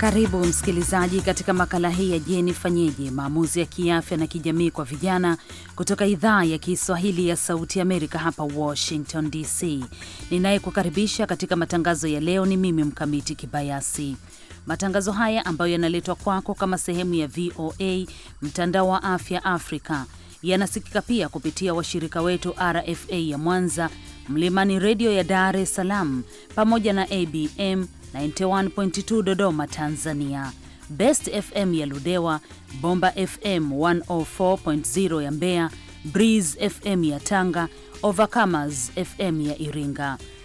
Karibu msikilizaji katika makala hii ya Je, Nifanyeje, maamuzi ya kiafya na kijamii kwa vijana kutoka idhaa ya Kiswahili ya Sauti Amerika hapa Washington DC. Ninayekukaribisha katika matangazo ya leo ni mimi Mkamiti Kibayasi. Matangazo haya ambayo yanaletwa kwako kama sehemu ya VOA mtandao wa afya Afrika yanasikika pia kupitia washirika wetu RFA ya Mwanza, Mlimani Redio ya Dar es Salaam pamoja na ABM 91.2 Dodoma Tanzania, Best FM ya Ludewa, Bomba FM 104.0 ya Mbeya, Breeze FM ya Tanga, Overcomers FM ya Iringa,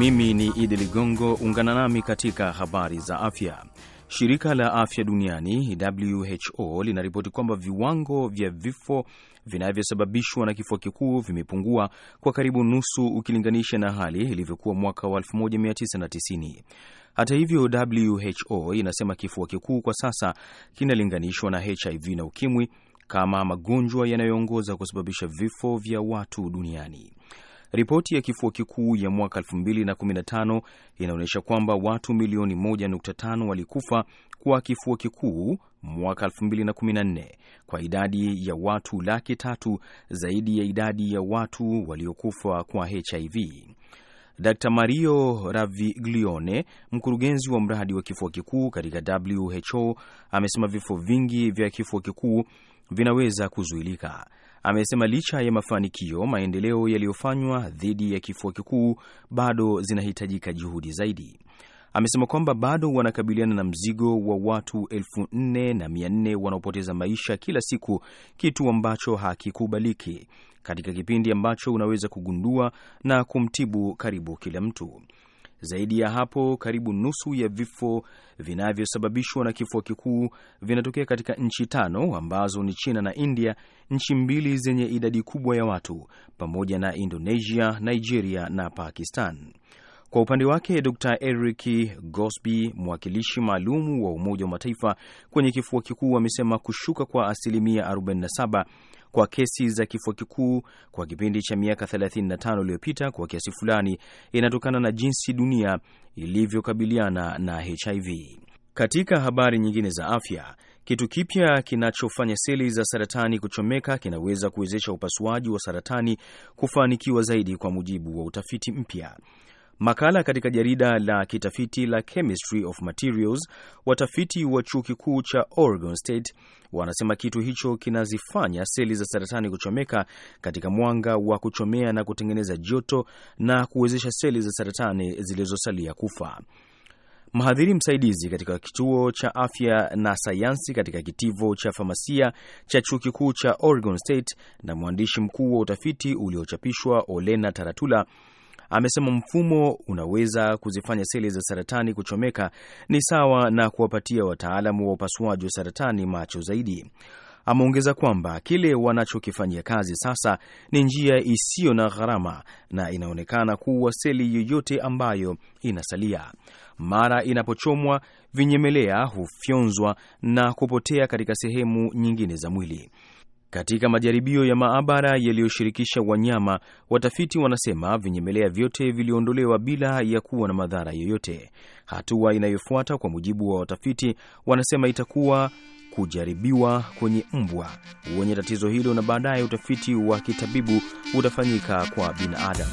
Mimi ni Idi Ligongo, ungana nami katika habari za afya. Shirika la afya duniani WHO linaripoti kwamba viwango vya vifo vinavyosababishwa na kifua kikuu vimepungua kwa karibu nusu ukilinganisha na hali ilivyokuwa mwaka wa 1990. Hata hivyo, WHO inasema kifua kikuu kwa sasa kinalinganishwa na HIV na ukimwi kama magonjwa yanayoongoza kusababisha vifo vya watu duniani. Ripoti ya kifua kikuu ya mwaka 2015 inaonyesha kwamba watu milioni 1.5 walikufa kwa kifua kikuu mwaka 2014 kwa idadi ya watu laki tatu zaidi ya idadi ya watu waliokufa kwa HIV. Dr Mario Raviglione, mkurugenzi wa mradi wa kifua kikuu katika WHO, amesema vifo vingi vya kifua kikuu vinaweza kuzuilika amesema licha ya mafanikio, maendeleo yaliyofanywa dhidi ya kifua kikuu bado zinahitajika juhudi zaidi. Amesema kwamba bado wanakabiliana na mzigo wa watu elfu nne na mia nne wanaopoteza maisha kila siku, kitu ambacho hakikubaliki katika kipindi ambacho unaweza kugundua na kumtibu karibu kila mtu. Zaidi ya hapo, karibu nusu ya vifo vinavyosababishwa na kifua kikuu vinatokea katika nchi tano ambazo ni China na India, nchi mbili zenye idadi kubwa ya watu, pamoja na Indonesia, Nigeria na Pakistan. Kwa upande wake Dr Eric Gosby, mwakilishi maalum wa Umoja wa Mataifa kwenye kifua kikuu, amesema kushuka kwa asilimia 47 kwa kesi za kifua kikuu kwa kipindi cha miaka 35 iliyopita kwa kiasi fulani inatokana na jinsi dunia ilivyokabiliana na HIV. Katika habari nyingine za afya, kitu kipya kinachofanya seli za saratani kuchomeka kinaweza kuwezesha upasuaji wa saratani kufanikiwa zaidi, kwa mujibu wa utafiti mpya. Makala katika jarida la kitafiti la Chemistry of Materials, watafiti wa chuo kikuu cha Oregon State wanasema kitu hicho kinazifanya seli za saratani kuchomeka katika mwanga wa kuchomea na kutengeneza joto na kuwezesha seli za saratani zilizosalia kufa. Mhadhiri msaidizi katika kituo cha afya na sayansi katika kitivo cha famasia cha chuo kikuu cha Oregon State na mwandishi mkuu wa utafiti uliochapishwa Olena Taratula Amesema mfumo unaweza kuzifanya seli za saratani kuchomeka, ni sawa na kuwapatia wataalamu wa upasuaji wa saratani macho zaidi. Ameongeza kwamba kile wanachokifanyia kazi sasa ni njia isiyo na gharama na inaonekana kuwa seli yoyote ambayo inasalia mara inapochomwa vinyemelea hufyonzwa na kupotea katika sehemu nyingine za mwili. Katika majaribio ya maabara yaliyoshirikisha wanyama, watafiti wanasema vinyemelea vyote viliondolewa bila ya kuwa na madhara yoyote. Hatua inayofuata kwa mujibu wa watafiti, wanasema itakuwa kujaribiwa kwenye mbwa wenye tatizo hilo, na baadaye utafiti wa kitabibu utafanyika kwa binadamu.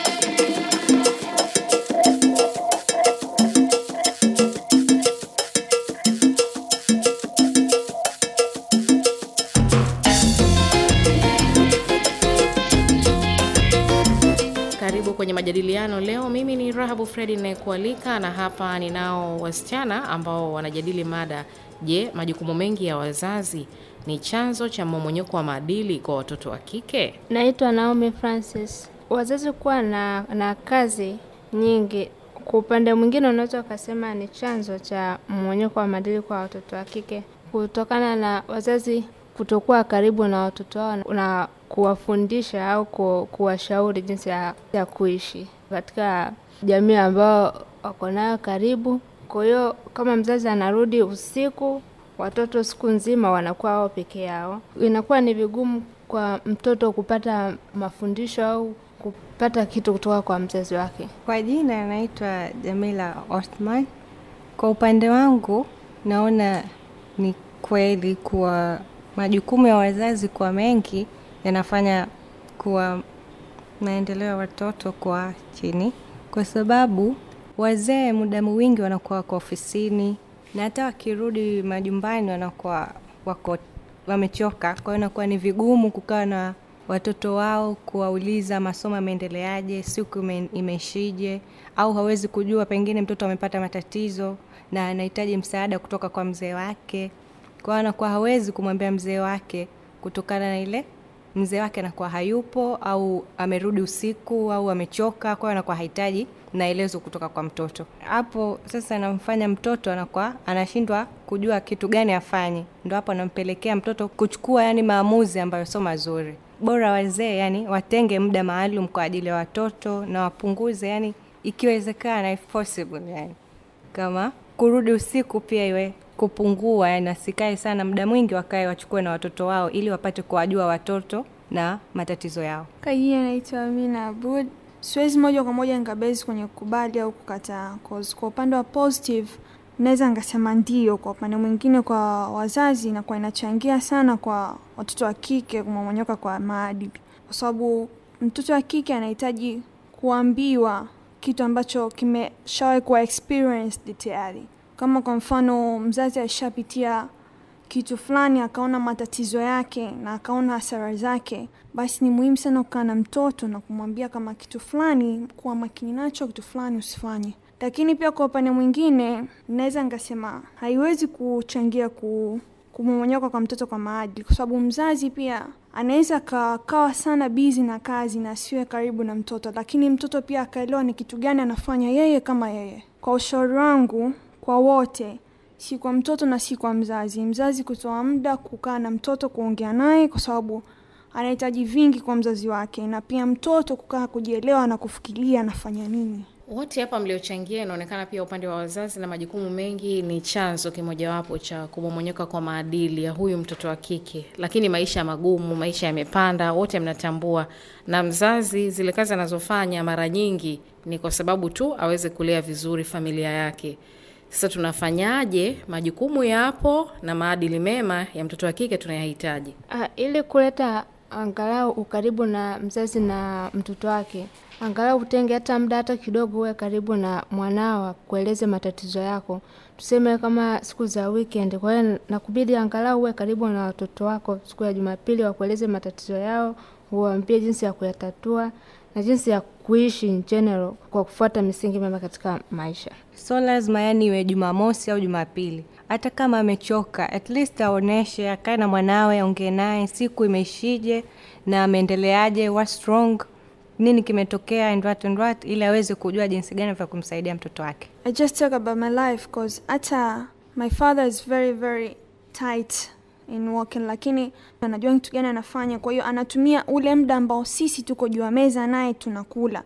karibu kwenye majadiliano leo. Mimi ni Rahabu Fredi inayekualika na hapa ninao wasichana ambao wanajadili mada, je, majukumu mengi ya wazazi ni chanzo cha mmomonyoko wa maadili kwa watoto wa kike? Naitwa Naomi Francis. Wazazi kuwa na, na kazi nyingi kwa upande mwingine unaweza ukasema ni chanzo cha mmomonyoko wa maadili kwa watoto wa kike, kutokana na wazazi kutokuwa karibu na watoto wao na kuwafundisha au kuwashauri jinsi ya, ya kuishi katika jamii ambao wako nayo karibu. Kwa hiyo kama mzazi anarudi usiku, watoto siku nzima wanakuwa wao peke yao, inakuwa ni vigumu kwa mtoto kupata mafundisho au kupata kitu kutoka kwa mzazi wake. Kwa jina anaitwa Jamila Othman. Kwa upande wangu, naona ni kweli kuwa majukumu ya wazazi kwa mengi yanafanya kuwa maendeleo ya watoto kwa chini, kwa sababu wazee muda mwingi wanakuwa wako ofisini na hata wakirudi majumbani wanakuwa wako wamechoka. Kwa hiyo inakuwa ni vigumu kukaa na watoto wao kuwauliza masomo yameendeleaje, siku imeishije, au hawezi kujua pengine mtoto amepata matatizo na anahitaji msaada kutoka kwa mzee wake. Kwa hiyo anakuwa hawezi kumwambia mzee wake kutokana na ile mzee wake anakuwa hayupo au amerudi usiku au amechoka, kwa hiyo anakuwa hahitaji naelezo kutoka kwa mtoto. Hapo sasa anamfanya mtoto anakuwa anashindwa kujua kitu gani afanye, ndo hapo anampelekea mtoto kuchukua yani maamuzi ambayo sio mazuri. Bora wazee yani watenge muda maalum kwa ajili ya watoto na wapunguze yani, ikiwezekana if possible, yani kama kurudi usiku pia iwe kupungua, yani asikae sana muda mwingi, wakae wachukue na watoto wao, ili wapate kuwajua watoto na matatizo yao. Kajina anaitwa Amina Abud. Siwezi moja kwa moja nikabezi kwenye kukubali au kukataa. Kwa upande wa positive naweza nikasema ndio, kwa upande mwingine kwa wazazi nakuwa inachangia sana kwa watoto wa kike kumamonyoka kwa maadili, kwa sababu mtoto wa kike anahitaji kuambiwa kitu ambacho kimeshawai kuwa experienced tayari. Kama kwa mfano mzazi alishapitia kitu fulani, akaona matatizo yake na akaona hasara zake, basi ni muhimu sana kukaa na mtoto na kumwambia kama kitu fulani kuwa makini nacho, kitu fulani usifanye. Lakini pia kwa upande mwingine, naweza nikasema haiwezi kuchangia ku kumomonyoka kwa mtoto kwa maadili, kwa sababu mzazi pia anaweza akawa sana bizi na kazi na asiwe karibu na mtoto, lakini mtoto pia akaelewa ni kitu gani anafanya yeye kama yeye. Kwa ushauri wangu kwa wote, si kwa mtoto na si kwa mzazi. Mzazi kutoa muda kukaa na mtoto, kuongea naye, kwa sababu anahitaji vingi kwa mzazi wake, na pia mtoto kukaa kujielewa na kufikiria anafanya nini. Wote hapa mliochangia, inaonekana pia upande wa wazazi na majukumu mengi ni chanzo kimojawapo cha kumomonyoka kwa maadili ya huyu mtoto wa kike. Lakini maisha magumu, maisha yamepanda, wote mnatambua, na mzazi zile kazi anazofanya mara nyingi ni kwa sababu tu aweze kulea vizuri familia yake. Sasa tunafanyaje? Majukumu yapo na maadili mema ya mtoto wa kike tunayahitaji. Uh, ili kuleta angalau ukaribu na mzazi na mtoto wake, angalau utenge hata muda hata kidogo, uwe karibu na mwanao akueleze matatizo yako, tuseme kama siku za weekend. Kwa hiyo nakubidi angalau uwe karibu na watoto wako siku ya Jumapili, wakueleze matatizo yao, uwaambie jinsi ya kuyatatua na jinsi ya kuishi in general kwa kufuata misingi mema katika maisha. So lazima yani iwe Jumamosi au Jumapili, hata kama amechoka, at least aoneshe, akae na mwanawe, aongee naye siku imeshije na ameendeleaje, wa strong nini kimetokea and what and what, ili aweze kujua jinsi gani vya kumsaidia mtoto wake. I just talk about my life cause hata my father is very very tight in walking, lakini anajua kitu gani anafanya. Kwa hiyo anatumia ule muda ambao sisi tuko juu ya meza naye tunakula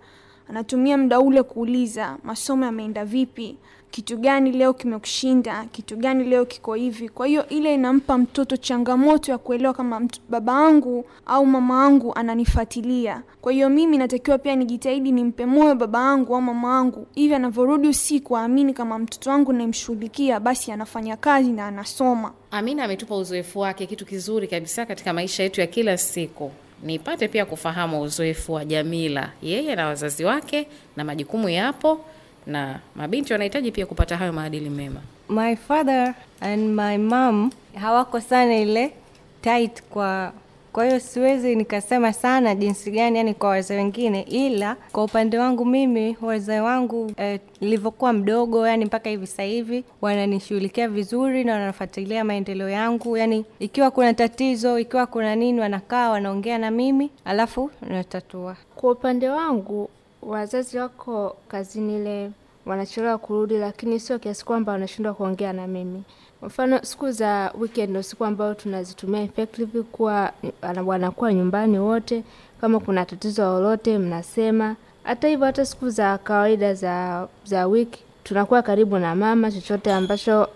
anatumia muda ule kuuliza masomo yameenda vipi, kitu gani leo kimekushinda, kitu gani leo kiko hivi. Kwa hiyo ile inampa mtoto changamoto ya kuelewa kama baba angu au mama angu ananifuatilia. Kwa hiyo mimi natakiwa pia nijitahidi nimpe moyo baba angu au mama angu hivi anavyorudi usiku aamini kama mtoto wangu naimshughulikia, basi anafanya kazi na anasoma. Amina ametupa uzoefu wake, kitu kizuri kabisa katika maisha yetu ya kila siku nipate pia kufahamu uzoefu wa Jamila, yeye na wazazi wake na majukumu yapo, na mabinti wanahitaji pia kupata hayo maadili mema. My father and my mom hawako sana ile tight kwa kwa hiyo siwezi nikasema sana jinsi gani, yani kwa wazee wengine, ila kwa upande wangu mimi wazee wangu eh, nilivyokuwa eh, mdogo, yani mpaka hivi sasa hivi wananishughulikia vizuri na wanafuatilia maendeleo yangu, yani ikiwa kuna tatizo, ikiwa kuna nini, wanakaa wanaongea na mimi alafu natatua. Kwa upande wangu wazazi wako kazini, ile wanachelewa kurudi, lakini sio kiasi kwamba wanashindwa kuongea na mimi. Mfano siku za weekend ndio siku ambayo tunazitumia effectively kuwa wanakuwa nyumbani wote, kama kuna tatizo lolote mnasema. Hata hivyo, hata siku za kawaida za za wiki tunakuwa karibu na mama, chochote ambacho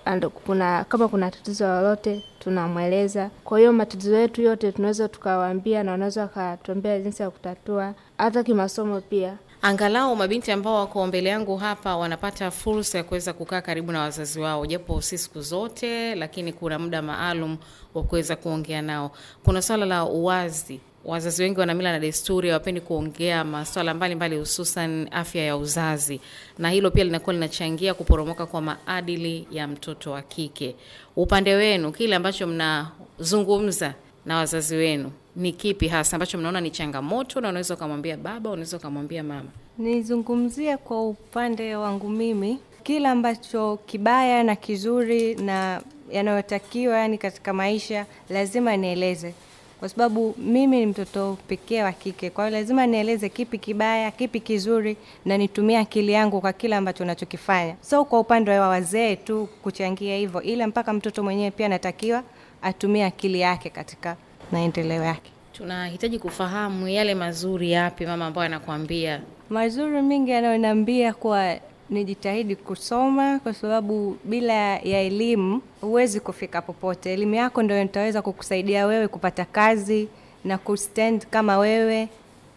kuna kama kuna tatizo lolote tunamweleza. Kwa hiyo matatizo yetu yote tunaweza tukawaambia, na wanaweza wakatuambia jinsi ya kutatua. Hata kimasomo pia angalau mabinti ambao wako mbele yangu hapa wanapata fursa ya kuweza kukaa karibu na wazazi wao, japo si siku zote, lakini kuna muda maalum wa kuweza kuongea nao. Kuna swala la uwazi wazazi wengi wanamila na desturi, awapendi kuongea maswala mbalimbali, hususan afya ya uzazi, na hilo pia linakuwa linachangia kuporomoka kwa maadili ya mtoto wa kike. Upande wenu, kile ambacho mnazungumza na wazazi wenu, ni kipi hasa ambacho mnaona ni changamoto, na unaweza ukamwambia baba, unaweza ukamwambia mama? Nizungumzie kwa upande wangu mimi, kila ambacho kibaya na kizuri na yanayotakiwa yani katika maisha lazima nieleze, kwa sababu mimi ni mtoto pekee wa kike. Kwa hiyo lazima nieleze kipi kibaya, kipi kizuri, na nitumie akili yangu kwa kila ambacho nachokifanya. So kwa upande wa wazee tu kuchangia hivyo, ila mpaka mtoto mwenyewe pia anatakiwa atumie akili yake katika maendeleo yake. Tunahitaji kufahamu yale mazuri yapi mama ambayo anakuambia. Mazuri mingi anayoniambia kuwa nijitahidi kusoma kwa sababu bila ya elimu huwezi kufika popote. Elimu yako ndo itaweza kukusaidia wewe kupata kazi na kustand kama wewe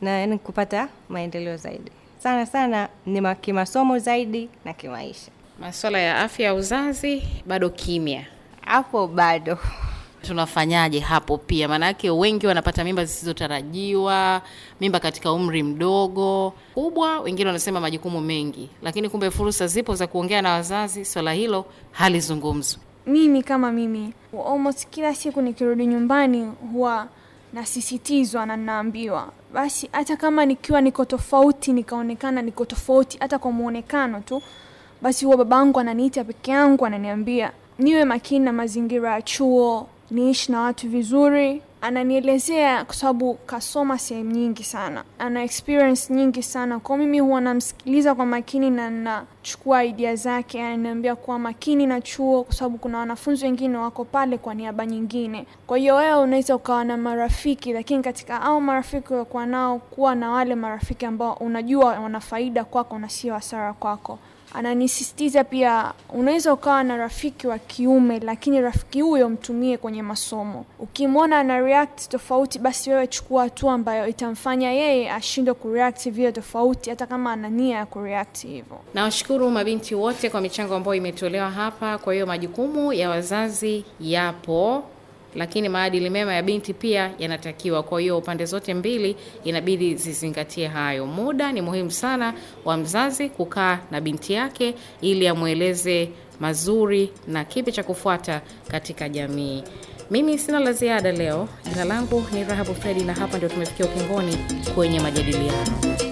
na yani kupata maendeleo zaidi. Sana sana ni kimasomo zaidi na kimaisha. maswala ya afya ya uzazi bado kimya hapo, bado tunafanyaje hapo pia? Maanake wengi wanapata mimba zisizotarajiwa, mimba katika umri mdogo kubwa, wengine wanasema majukumu mengi, lakini kumbe fursa zipo za kuongea na wazazi, swala hilo halizungumzwi. Mimi kama mimi, almost kila siku nikirudi nyumbani huwa nasisitizwa na ninaambiwa basi, hata kama nikiwa niko tofauti, nikaonekana niko tofauti hata kwa mwonekano tu, basi huwa babangu ananiita peke yangu, ananiambia niwe makini na mazingira ya chuo, niishi na watu vizuri. Ananielezea kwa sababu kasoma sehemu nyingi sana, ana experience nyingi sana kwao mimi, huwa namsikiliza kwa makini na nachukua idia zake. Ananiambia kuwa makini na chuo, kwa sababu kuna wanafunzi wengine wako pale kwa niaba nyingine. Kwa hiyo wewe unaweza ukawa na marafiki, lakini katika au marafiki uliokuwa nao, kuwa na wale marafiki ambao unajua wanafaida kwako na sio hasara kwako ananisistiza pia, unaweza ukawa na rafiki wa kiume, lakini rafiki huyo mtumie kwenye masomo. Ukimwona ana react tofauti, basi wewe chukua hatua ambayo itamfanya yeye ashindwe kureact vile tofauti, hata kama ana nia ya kureact hivyo. Nawashukuru mabinti wote kwa michango ambayo imetolewa hapa. Kwa hiyo majukumu ya wazazi yapo lakini maadili mema ya binti pia yanatakiwa. Kwa hiyo pande zote mbili inabidi zizingatie hayo. Muda ni muhimu sana wa mzazi kukaa na binti yake ili amweleze mazuri na kipi cha kufuata katika jamii. Mimi sina la ziada leo. Jina langu ni Rahabu Fredi, na hapa ndio tumefikia ukingoni kwenye majadiliano.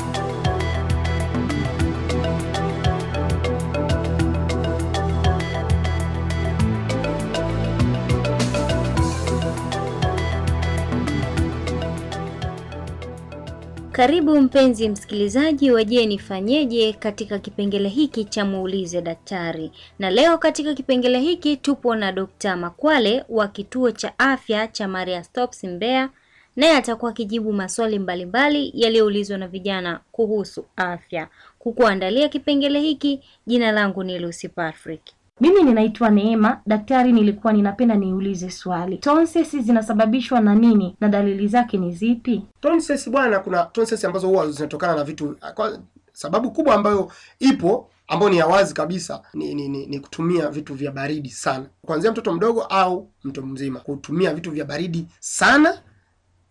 Karibu mpenzi msikilizaji wa Je nifanyeje katika kipengele hiki cha muulize daktari. Na leo katika kipengele hiki tupo na Dokta Makwale wa kituo cha afya cha Maria Stopes Mbeya, naye atakuwa akijibu maswali mbalimbali yaliyoulizwa na vijana kuhusu afya. Kukuandalia kipengele hiki, jina langu ni Lucy Patrick. Mimi ninaitwa Neema, daktari. Nilikuwa ninapenda niulize swali, tonsesi zinasababishwa na nini na dalili zake ni zipi? Tonsesi bwana, kuna tonsesi ambazo huwa zinatokana na vitu kwa, sababu kubwa ambayo ipo ambayo ni ya wazi kabisa ni, ni, ni, ni kutumia vitu vya baridi sana, kuanzia mtoto mdogo au mtu mzima. Kutumia vitu vya baridi sana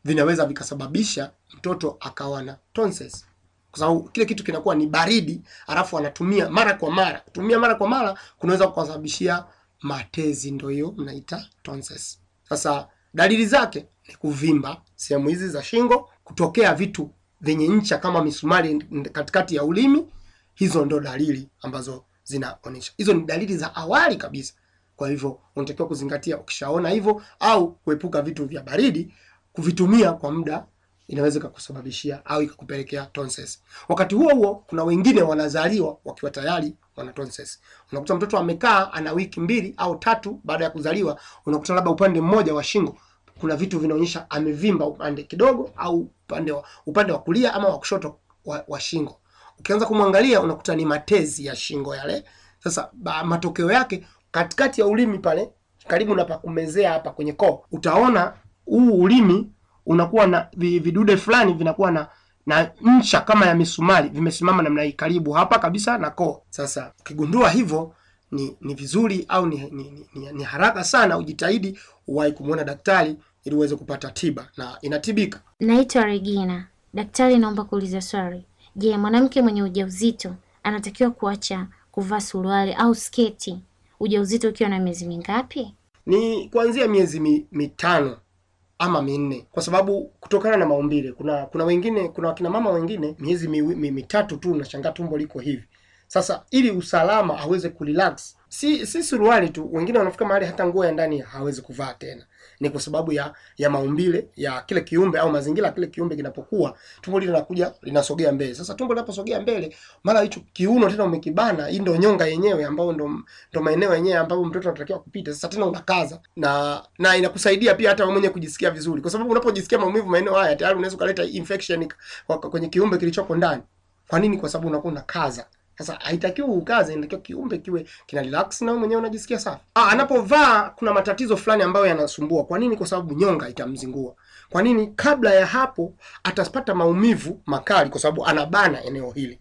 vinaweza vikasababisha mtoto akawa na tonsesi kwa sababu kile kitu kinakuwa ni baridi, alafu anatumia mara kwa mara. Kutumia mara kwa mara kunaweza kukasababishia matezi, ndio hiyo mnaita tonsils. Sasa dalili zake ni kuvimba sehemu hizi za shingo, kutokea vitu vyenye ncha kama misumari katikati ya ulimi. Hizo ndo dalili ambazo zinaonyesha, hizo ni dalili za awali kabisa. Kwa hivyo unatakiwa kuzingatia ukishaona hivyo, au kuepuka vitu vya baridi kuvitumia kwa muda inaweza ikakusababishia au ikakupelekea tonsils. Wakati huo huo, kuna wengine wanazaliwa wakiwa tayari wana tonsils. Unakuta mtoto amekaa ana wiki mbili au tatu baada ya kuzaliwa, unakuta labda upande mmoja wa shingo kuna vitu vinaonyesha amevimba upande kidogo au upande wa, upande wa kulia ama wa kushoto wa, wa shingo. Ukianza kumwangalia unakuta ni matezi ya shingo yale. Sasa ba, matokeo yake katikati ya ulimi pale karibu na pakumezea hapa kwenye koo, utaona huu ulimi unakuwa na vidude fulani vinakuwa na na ncha kama ya misumari vimesimama namna hii karibu hapa kabisa na koo. Sasa ukigundua hivyo ni ni vizuri au ni, ni, ni, ni haraka sana ujitahidi uwahi kumwona daktari ili uweze kupata tiba na inatibika. Naitwa Regina. Daktari, naomba kuuliza swali. Je, mwanamke mwenye ujauzito anatakiwa kuacha kuvaa suruali au sketi ujauzito ukiwa na miezi mingapi? Ni kuanzia miezi mitano ama minne, kwa sababu kutokana na maumbile. Kuna kuna wengine, kuna wakina mama wengine miezi mitatu tu unashangaa tumbo liko hivi. Sasa ili usalama aweze kurelax, si si suruali tu, wengine wanafika mahali hata nguo ya ndani hawezi kuvaa tena ni kwa sababu ya ya maumbile ya kile kiumbe au mazingira kile kiumbe kinapokuwa, tumbo lile linakuja linasogea mbele. Sasa tumbo linaposogea mbele, mara hicho kiuno tena umekibana, hii ndio nyonga yenyewe ambayo ndo ndio maeneo yenyewe ambayo mtoto anatakiwa kupita. Sasa tena unakaza na na inakusaidia pia hata wewe mwenyewe kujisikia vizuri, kwa sababu unapojisikia maumivu maeneo haya tayari unaweza kuleta infection kwenye kiumbe kilichoko ndani. Kwa nini? Kwa sababu unakuwa unakaza. Sasa haitakiwi ukaze, inatakiwa kiumbe kiwe kina relax na mwenyewe unajisikia safi. Ah, anapovaa kuna matatizo fulani ambayo yanasumbua. Kwa nini? Kwa sababu nyonga itamzingua. Kwa nini? Kabla ya hapo atapata maumivu makali, kwa sababu anabana eneo hili,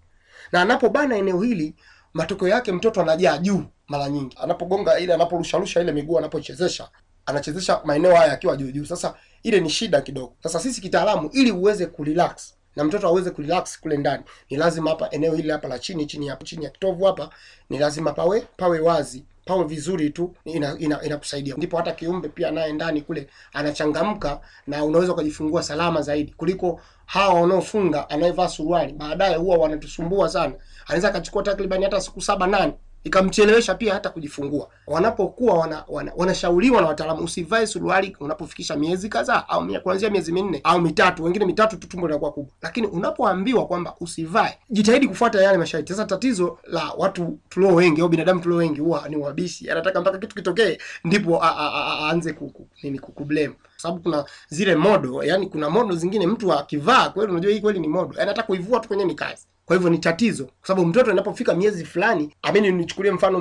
na anapobana eneo hili, matokeo yake mtoto anajaa juu mara nyingi, anapogonga ile, anaporusharusha ile miguu, anapochezesha anachezesha maeneo haya akiwa juu juu. Sasa ile ni shida kidogo. Sasa sisi kitaalamu, ili uweze kurelax na mtoto aweze kurelax kule ndani, ni lazima hapa eneo hili hapa la chini chini ya chini ya kitovu hapa ni lazima pawe pawe wazi pawe vizuri tu, inakusaidia ina, ina ndipo hata kiumbe pia naye ndani kule anachangamka na unaweza ukajifungua salama zaidi kuliko hawa wanaofunga anayevaa suruali, baadaye huwa wanatusumbua sana, anaweza akachukua takribani hata siku saba nane ikamchelewesha pia hata kujifungua. Wanapokuwa wanashauriwa wana, wana na wataalamu usivae suruali unapofikisha miezi kadhaa au mia, kuanzia miezi minne au mitatu, wengine mitatu tu tumbo linakuwa kubwa, lakini unapoambiwa kwamba usivae, jitahidi kufuata yale masharti. Sasa tatizo la watu tulio wengi au binadamu tulio wengi huwa ni wabishi, anataka mpaka kitu kitokee ndipo aanze nini kukublame sababu kuna zile modo, yani kuna modo zingine mtu akivaa kweli, unajua hii kweli ni modo, anataka yaani kuivua tu kwenye ni kazi kwa hivyo ni tatizo, kwa sababu mtoto anapofika miezi fulani, amini, nichukulie mfano,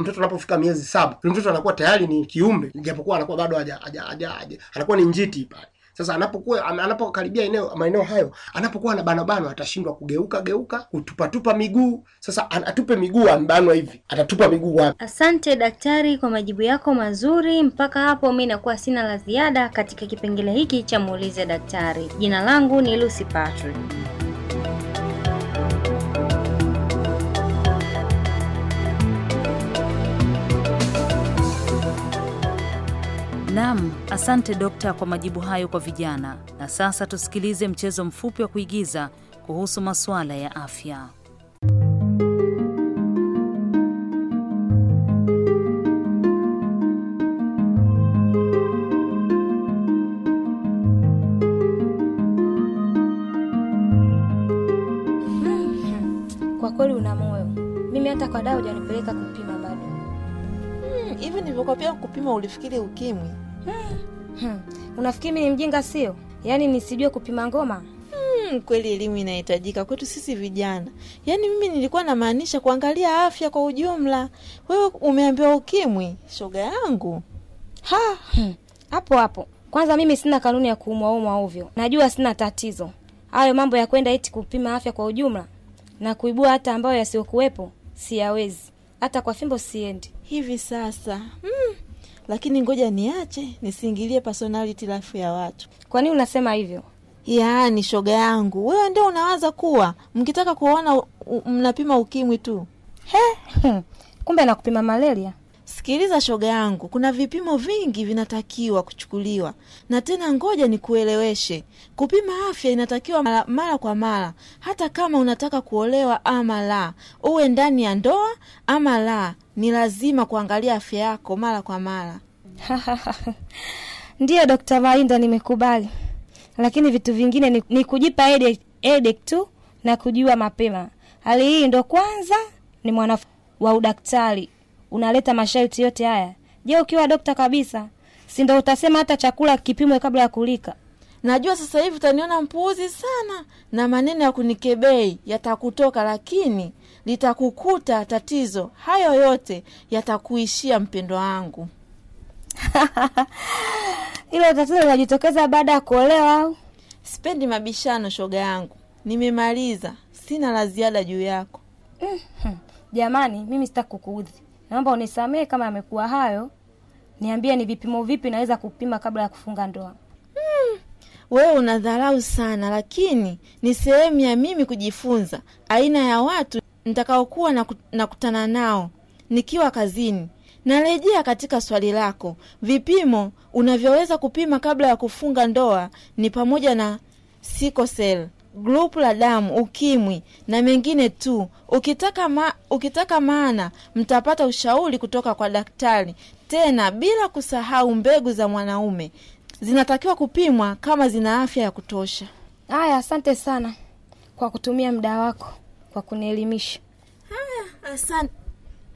mtoto anapofika miezi saba, mtoto anakuwa tayari ni kiumbe, japokuwa anakuwa bado haja haja haja anakuwa ni njiti pale. Sasa anapokuwa anapokaribia eneo maeneo hayo, anapokuwa na anabanabanwa, atashindwa kugeuka geuka, kutupatupa miguu. Sasa atupe miguu ambanwa hivi, atatupa miguu wapi? Asante daktari kwa majibu yako mazuri. Mpaka hapo mi nakuwa sina la ziada katika kipengele hiki cha muulize daktari. Jina langu ni Lucy Patrick. Naam, asante dokta kwa majibu hayo kwa vijana. Na sasa tusikilize mchezo mfupi wa kuigiza kuhusu masuala ya afya. Mm-hmm. Kwa kweli Mimi hata kwa dawa hujanipeleka kupima bado. Hmm, hivi hmm, nilivyokwambia kupima ulifikiri ukimwi? Hmm. Unafikiri mimi ni mjinga sio? Yaani nisijue kupima ngoma? Hmm, kweli elimu inahitajika kwetu sisi vijana. Yaani mimi nilikuwa namaanisha kuangalia afya kwa ujumla. Wewe umeambiwa ukimwi, shoga yangu. Ha, hmm. hapo hmm, hapo. Kwanza mimi sina kanuni ya kuumwa umwa ovyo. Najua sina tatizo. Hayo mambo ya kwenda eti kupima afya kwa ujumla na kuibua hata ambayo yasiokuwepo, siyawezi. Hata kwa fimbo siendi. Hivi sasa. Hmm lakini ngoja niache nisiingilie personality lafu ya watu. Kwa nini unasema hivyo? Yaani shoga yangu, wewe ndio unawaza kuwa mkitaka kuona mnapima ukimwi tu. He, kumbe nakupima malaria. Sikiliza shoga yangu, kuna vipimo vingi vinatakiwa kuchukuliwa, na tena ngoja nikueleweshe, kupima afya inatakiwa mara, mara kwa mara, hata kama unataka kuolewa ama la, uwe ndani ya ndoa ama la, ni lazima kuangalia afya yako mara kwa mara. Ndiyo Dokta mainda nimekubali, lakini vitu vingine ni, ni kujipa edek, tu na kujua mapema. Hali hii ndo kwanza ni mwana wa udaktari unaleta masharti yote haya? Je, ukiwa dokta kabisa, sindo utasema hata chakula kipimwe kabla ya kulika? Najua sasa hivi utaniona mpuuzi sana na maneno ya kunikebei yatakutoka, lakini litakukuta tatizo. Hayo yote yatakuishia mpendo wangu. ilo tatizo linajitokeza baada ya kuolewa au? Sipendi mabishano, shoga yangu. Nimemaliza, sina la ziada juu yako. Mm-hmm. Jamani, mimi sitakukuudhi naomba unisamehe kama yamekuwa hayo, niambie ni vipimo vipi naweza kupima kabla ya kufunga ndoa. Hmm, wewe unadharau sana, lakini ni sehemu ya mimi kujifunza aina ya watu nitakaokuwa nakutana nao nikiwa kazini. Narejea katika swali lako, vipimo unavyoweza kupima kabla ya kufunga ndoa ni pamoja na sikoseli grupu la damu, ukimwi na mengine tu. Ukitaka, ma, ukitaka maana mtapata ushauri kutoka kwa daktari, tena bila kusahau mbegu za mwanaume zinatakiwa kupimwa kama zina afya ya kutosha. Haya, asante sana kwa kutumia muda wako kwa kunielimisha.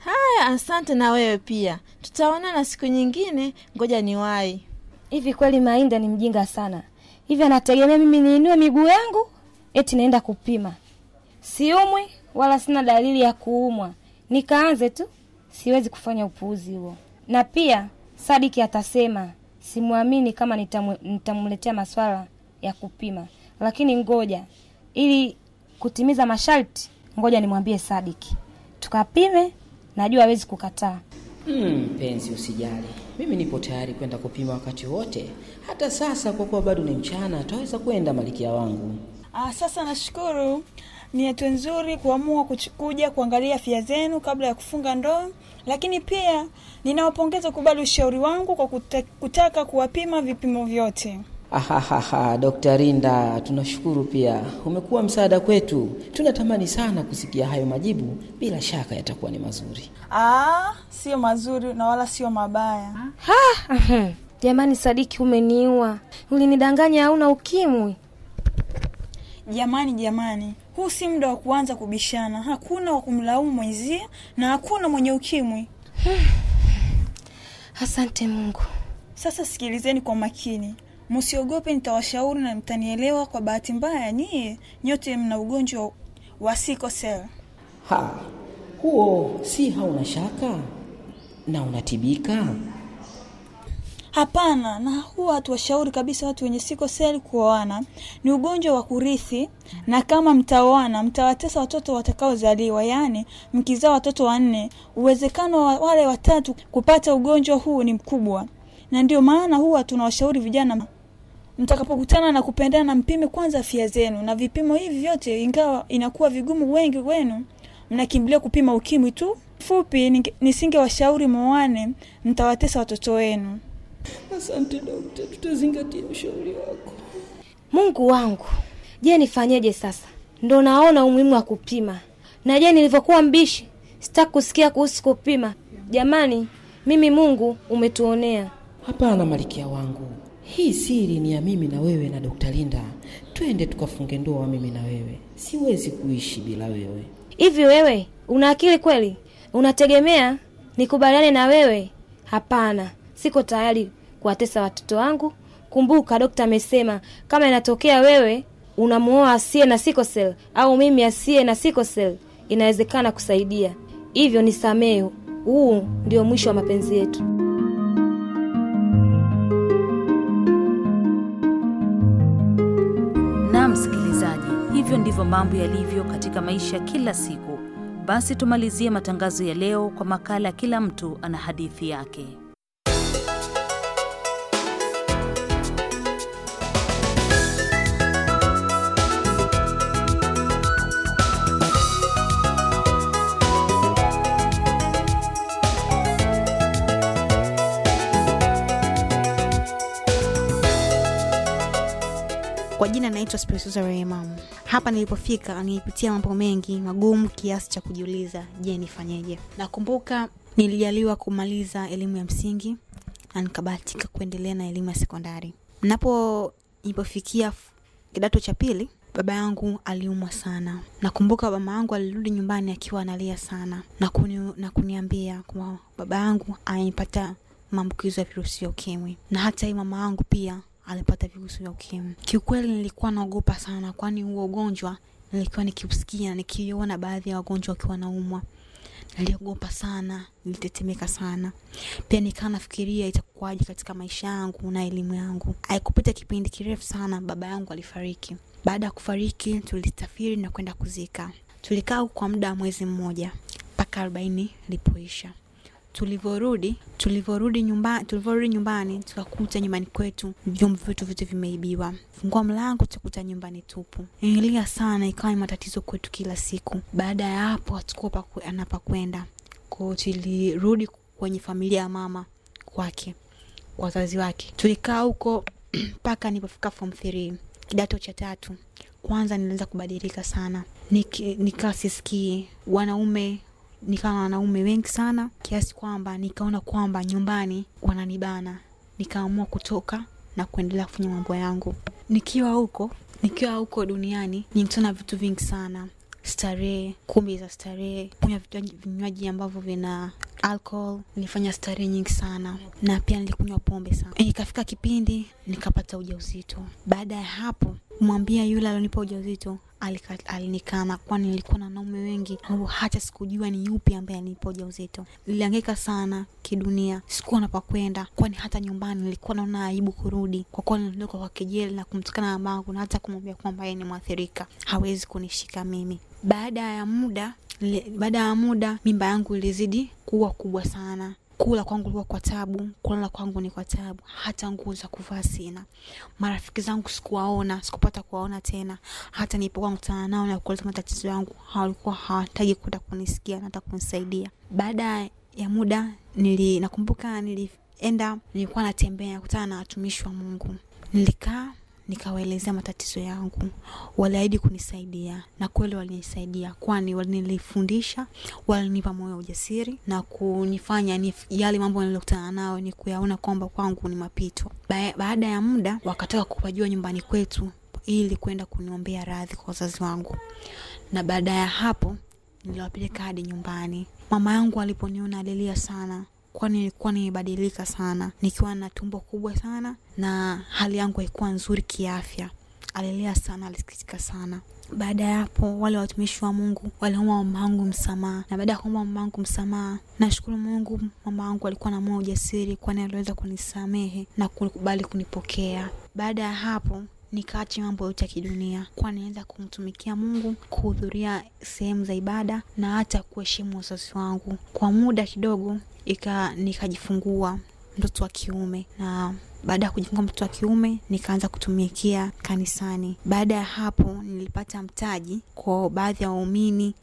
Haya, asante. na wewe pia, tutaonana siku nyingine. Ngoja niwahi. Hivi kweli Mainda ni mjinga sana? Hivi anategemea mimi niinue miguu yangu eti naenda kupima. Siumwi wala sina dalili ya kuumwa, nikaanze tu, siwezi kufanya upuuzi huo. Na pia Sadiki atasema simwamini kama nitamletea maswala ya kupima, lakini ngoja, ili kutimiza masharti, ngoja nimwambie Sadiki tukapime. Najua hawezi kukataa. Hmm, mpenzi, mm, usijali, mimi nipo tayari kwenda kupima wakati wote, hata sasa, kwa kuwa bado ni mchana, taweza kwenda malikia wangu. Ah, sasa nashukuru ni hatua nzuri kuamua kuja kuangalia afya zenu kabla ya kufunga ndoa, lakini pia ninawapongeza kubali ushauri wangu kwa kutaka kuwapima vipimo vyote. Ahahaha, Dr. Rinda, tunashukuru pia, umekuwa msaada kwetu. Tunatamani sana kusikia hayo majibu, bila shaka yatakuwa ni mazuri. Ah, sio mazuri na wala sio mabaya. Jamani Sadiki, umeniua, ulinidanganya na ukimwi. Jamani, jamani, huu si muda wa kuanza kubishana. Hakuna wa kumlaumu mwenzia na hakuna mwenye ukimwi. Asante Mungu. Sasa sikilizeni kwa makini, msiogope, nitawashauri na mtanielewa. Kwa bahati mbaya, nyie nyote mna ugonjwa wa sickle huo si hauna shaka na unatibika. Hapana, na huwa tuwashauri kabisa watu wenye siko seli kuoana. Ni ugonjwa wa kurithi, na kama mtaoana mtawatesa watoto watakaozaliwa, yaani mkizaa watoto wanne, uwezekano wa wale watatu kupata ugonjwa huu ni mkubwa, na ndio maana huwa tunawashauri vijana mtakapokutana na kupendana, mpime kwanza afya zenu, na vipimo hivi vyote, ingawa inakuwa vigumu, wengi wenu mnakimbilia kupima ukimwi tu. Fupi, nisingewashauri mwane mtawatesa watoto wenu. Asante dokta, tutazingatia ushauri wako. Mungu wangu, je, nifanyeje sasa? Ndo naona umuhimu wa kupima, na je, nilivyokuwa mbishi, sitaki kusikia kuhusu kupima. Jamani, mimi Mungu umetuonea. Hapana malikia wangu, hii siri ni ya mimi na wewe na Dokta Linda. Twende tukafunge ndoa, mimi na wewe. Siwezi kuishi bila wewe. Hivi wewe una akili kweli? Unategemea nikubaliane na wewe? Hapana siko tayari kuwatesa watoto wangu. Kumbuka dokta amesema kama inatokea wewe unamuoa asiye na sikosel au mimi asiye na sikosel, inawezekana kusaidia. Hivyo ni sameo Huu ndio mwisho wa mapenzi yetu. Na msikilizaji, hivyo ndivyo mambo yalivyo katika maisha kila siku. Basi tumalizie matangazo ya leo kwa makala, kila mtu ana hadithi yake. anaitwa Hapa nilipofika nilipitia mambo mengi magumu kiasi cha kujiuliza, je, nifanyeje? Nakumbuka nilijaliwa kumaliza elimu ya msingi na nikabahatika kuendelea na elimu ya sekondari. Napo nilipofikia kidato cha pili, baba yangu aliumwa sana. Nakumbuka mama yangu alirudi nyumbani akiwa analia sana na, kuni, na kuniambia kuwa baba yangu amepata maambukizo ya virusi vya ukimwi, na hata hii mama yangu pia alipata virusi vya ukimwi. Kiukweli nilikuwa naogopa sana, kwani huo ugonjwa nilikuwa nikiusikia, nikiona baadhi ya wagonjwa wakiwa naumwa niliogopa sana, nilitetemeka sana. Pia nikaa nafikiria itakuwaje katika maisha yangu na elimu yangu. Haikupita kipindi kirefu sana, baba yangu alifariki. Baada ya kufariki, tulisafiri na kwenda kuzika. Tulikaa kwa muda wa mwezi mmoja mpaka arobaini lipoisha tulivorudi tulivorudi nyumbani, tulivorudi nyumbani tukakuta nyumbani kwetu vyombo vyetu vyote vimeibiwa. Fungua mlango tukakuta nyumbani tupu. Nililia sana, ikawa ni matatizo kwetu kila siku. Baada ya hapo hatukuwa anapakwenda kwao, tulirudi kwenye familia ya mama kwake, kwa wazazi wake. Tulikaa huko mpaka nilipofika form 3 kidato cha tatu. Kwanza nilianza kubadilika sana, nikasisikii wanaume nikawa na wanaume wengi sana kiasi kwamba nikaona kwamba nyumbani wananibana, nikaamua kutoka na kuendelea kufanya mambo yangu. Nikiwa huko nikiwa huko duniani nilikutana vitu vingi sana, starehe, kumbi za starehe, kunywa vinywaji ambavyo vina alcohol. Nilifanya starehe nyingi sana na pia nilikunywa pombe sana. E, ikafika kipindi nikapata ujauzito. Baada ya hapo, kumwambia yule alionipa ujauzito alinikana, kwani nilikuwa na naume wengi ambao hata sikujua ni yupi ambaye alinipa ujauzito. Nilihangaika sana kidunia, sikuwa na pakwenda, kwani hata nyumbani nilikuwa naona aibu kurudi, kwa kuwa niliondoka kwa kejeli na kumtukana mamangu na hata kumwambia kwamba yeye ni mwathirika, hawezi kunishika mimi. Baada ya muda, baada ya muda mimba yangu ilizidi kuwa kubwa sana Kula kwangu likuwa kwa tabu, kulala kwangu ni kwa tabu, hata nguo za kuvaa sina. Marafiki zangu sikuwaona, sikupata kuwaona tena. Hata nilipokuwa nkutana nao na kuleta matatizo yangu, hawalikuwa hawatagi kuenda kunisikia na hata kunisaidia. Baada ya muda nili, nakumbuka nilienda, nilikuwa natembea, nakutana na watumishi wa Mungu, nilikaa nikawaelezea matatizo yangu, waliahidi kunisaidia na kweli walinisaidia, kwani walinifundisha, walinipa moyo wa ujasiri na kunifanya ni yale mambo niliokutana nayo ni kuyaona kwamba kwangu ni mapito. Baada ya muda wakataka kupajua nyumbani kwetu ili kwenda kuniombea radhi kwa wazazi wangu, na baada ya hapo niliwapeleka hadi nyumbani. Mama yangu aliponiona alilia sana, kwani ilikuwa nimebadilika sana, nikiwa na tumbo kubwa sana na hali yangu haikuwa nzuri kiafya. Alilia sana, alisikitika sana. Baada ya hapo, wale watumishi wa Mungu waliomba mama wangu msamaha, na baada ya kuomba mama wangu msamaha, nashukuru Mungu, mama wangu alikuwa na moyo ujasiri, kwani aliweza kunisamehe na kukubali kunipokea. Baada ya hapo nikaache mambo yote ya kidunia, kuwa naweza kumtumikia Mungu, kuhudhuria sehemu za ibada na hata kuheshimu wazazi wangu. Kwa muda kidogo ika nikajifungua mtoto wa kiume na baada ya kujifungua mtoto wa kiume nikaanza kutumikia kanisani. Baada ya hapo, nilipata mtaji kwa baadhi ya waumini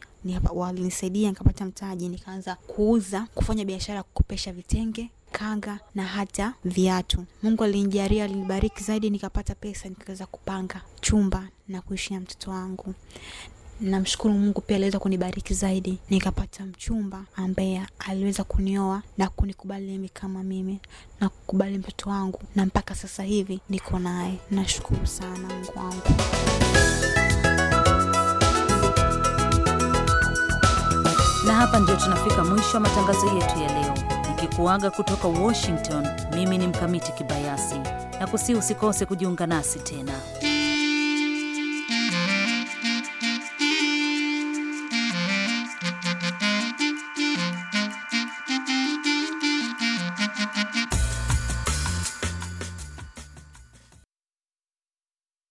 walinisaidia, nikapata mtaji, nikaanza kuuza, kufanya biashara ya kukopesha vitenge, kanga na hata viatu. Mungu alinijaria alinibariki zaidi, nikapata pesa, nikaweza kupanga chumba na kuishi na mtoto wangu. Namshukuru Mungu pia aliweza kunibariki zaidi, nikapata mchumba ambaye aliweza kunioa na kunikubali mimi kama mimi na kukubali mtoto wangu, na mpaka sasa hivi niko naye. Nashukuru sana Mungu wangu. Na hapa ndio tunafika mwisho wa matangazo yetu ya leo, nikikuaga kutoka Washington. Mimi ni Mkamiti Kibayasi na kusi, usikose kujiunga nasi tena.